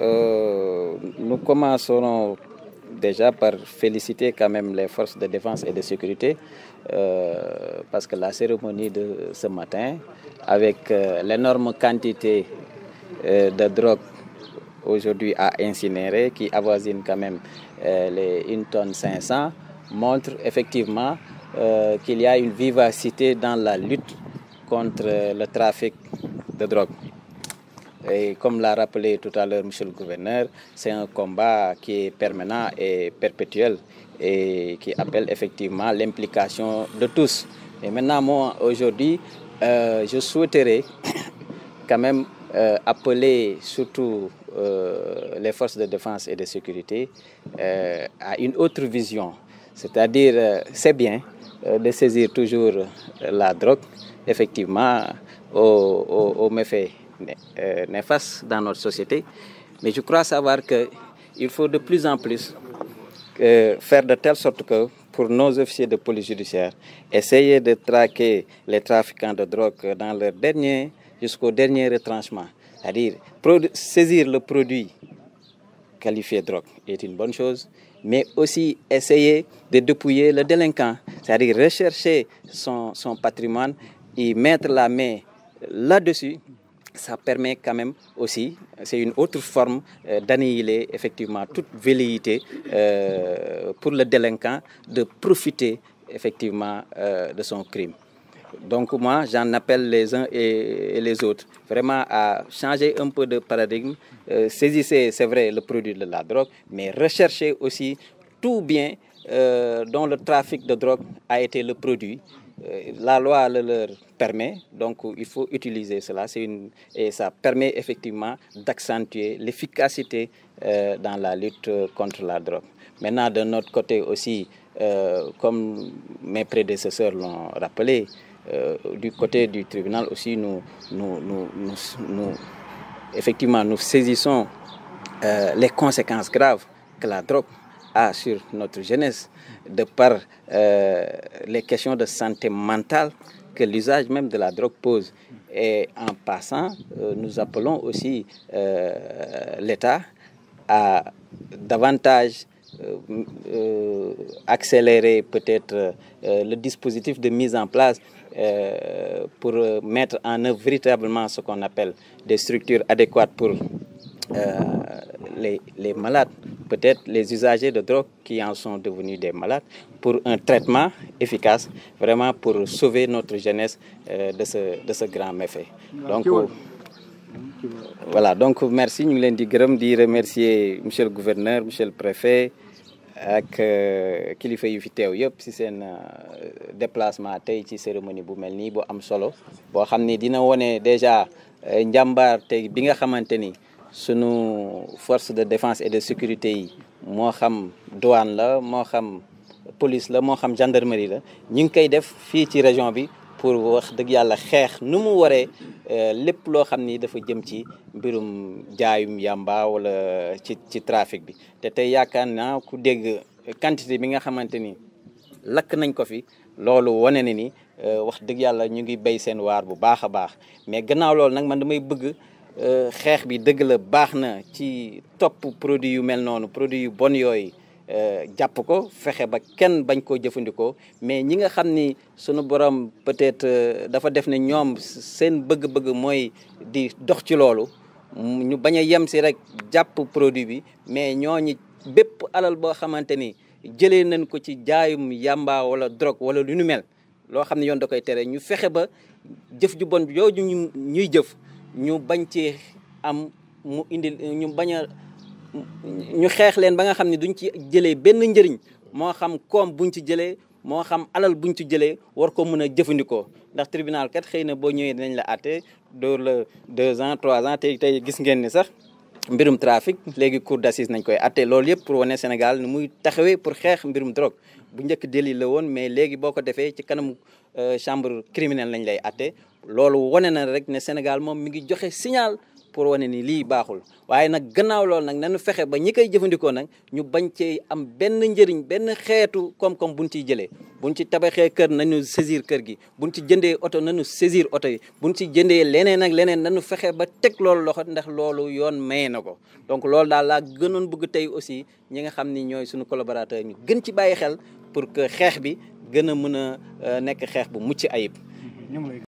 Euh, nous commencerons déjà par féliciter quand même les forces de défense et de sécurité euh, parce que la cérémonie de ce matin, avec euh, l'énorme quantité euh, de drogue aujourd'hui à incinérer, qui avoisine quand même euh, les 1 tonne 500, montre effectivement euh, qu'il y a une vivacité dans la lutte contre le trafic de drogue. comme l'a rappelé tout à l'heure Monsieur le gouverneur, c'est un combat qui est permanent et perpétuel et qui appelle effectivement l'implication de tous. Et maintenant, moi, aujourd'hui, euh, je souhaiterais quand même euh, appeler surtout euh, les forces de défense et de sécurité euh, à une autre vision. C'est-à-dire, euh, c'est bien euh, de saisir toujours la drogue, effectivement, aux, aux, aux Euh, néfaste dans notre société. Mais je crois savoir qu'il faut de plus en plus euh, faire de telle sorte que pour nos officiers de police judiciaire, essayer de traquer les trafiquants de drogue dans leur dernier, jusqu'au dernier retranchement. C'est-à-dire saisir le produit qualifié drogue est une bonne chose, mais aussi essayer de dépouiller le délinquant, c'est-à-dire rechercher son, son patrimoine y mettre la main là-dessus ça permet quand même aussi, c'est une autre forme euh, d'annihiler effectivement toute velléité euh, pour le délinquant de profiter effectivement euh, de son crime. Donc moi, j'en appelle les uns et, les autres vraiment à changer un peu de paradigme. Euh, saisissez, c'est vrai, le produit de la drogue, mais recherchez aussi tout bien euh, dont le trafic de drogue a été le produit Euh, la loi le leur permet, donc il faut utiliser cela. Une, et ça permet effectivement d'accentuer l'efficacité euh, dans la lutte euh, contre la drogue. Maintenant, de notre côté aussi, euh, comme mes prédécesseurs l'ont rappelé, euh, du côté du tribunal aussi, nous, nous, nous, nous effectivement, nous saisissons euh, les conséquences graves que la drogue a sur notre jeunesse, de par euh, les questions de santé mentale que l'usage même de la drogue pose. Et en passant, euh, nous appelons aussi euh, l'État à davantage euh, euh, accélérer peut-être le dispositif de mise en place euh, pour mettre en œuvre véritablement ce qu'on appelle des structures adéquates pour euh, les, les malades. peut-être les usagers de drogue qui en sont devenus des malades, pour un traitement efficace, vraiment pour sauver notre jeunesse euh, de, ce, de ce grand méfait. Donc, euh, voilà, donc merci, ñu nous l'avons dit, remercier monsieur le gouverneur, monsieur le préfet, ak euh, kilifa yu fi teew yëpp ci seen euh, déplacement tey ci cérémonie bu mel nii bu am solo boo xam ni dina wone déjà njàmbaar tey bi nga xamante ni sunu force de défense et de sécurité yi moo xam douane la moo xam police la moo xam gendarmerie la ñu ngi koy def fii ci région bi pour wax dëgg yàlla xeex nu mu waree euh, lépp loo xam ni dafa jëm ci mbirum jaayum yàmba wala ci ci trafic bi te tey yaakaar naa ku dégg quantité bi nga xamante ni lakk nañ ko fi loolu wane na ni euh, wax dëgg yàlla ñu ngi bay seen waar bu baax a baax mais gannaaw loolu nag man damay bëgg Euh, xeex bi dëgg la baax na ci topp produit yu mel noonu produit yu bon yooyu euh, jàpp ko fexe ba kenn bañ koo jëfandikoo mais ñi nga xam ni sunu borom peut-être euh, dafa def ne ñoom seen bëgg-bëgg mooy di dox ci loolu ñu bañ a yem si rek jàpp produit bi mais ñooñu bépp alal boo xamante ni jëlee nañ ko ci jaayum yàmba wala drogue wala lu nu mel loo xam ne yoon da koy tere ñu fexe ba jëf ju bon jooju ñuy jëf ñu bañ cee am mu indi ñu bañ a ñu xeex leen ba nga xam ne duñ ci jëlee benn njëriñ moo xam koom buñ ci jëlee moo xam alal buñ ci jëlee war ko mën a jëfandikoo ndax tribunal kat xëy na boo ñëwee dinañ la àtte dóor la deux ans trois ans tey tey gis ngeen ne sax mbirum trafic léegi cour d'assises nañ koy àtte loolu yëpp pour wane Sénégal ni muy taxawee pour xeex mbirum drogue bu njëkk délit la woon mais léegi boo ko defee ci kanam euh, chambre criminelle lañ lay àtte loolu wane na rek ne Sénégal moom mi ngi joxe signal pour wane ni lii baaxul waaye nag gannaaw loolu nag nañu fexe ba ñi koy jëfandikoo nag ñu bañ cee am benn njëriñ benn xeetu koom-koom buñ ciy jëlee buñ ci tabaxee kër nañu saisir kër gi buñ ci jëndee oto nañu saisir oto yi buñ ci jëndee leneen ak leneen nañu fexe ba teg loolu loxo ndax loolu yoon maye na ko donc loolu daal laa gënoon bëgg tey aussi ñi nga xam ni ñooy suñu collaborateur ñu gën ci bàyyi xel pour que xeex bi gën a mën a euh, nekk xeex bu mucc ayib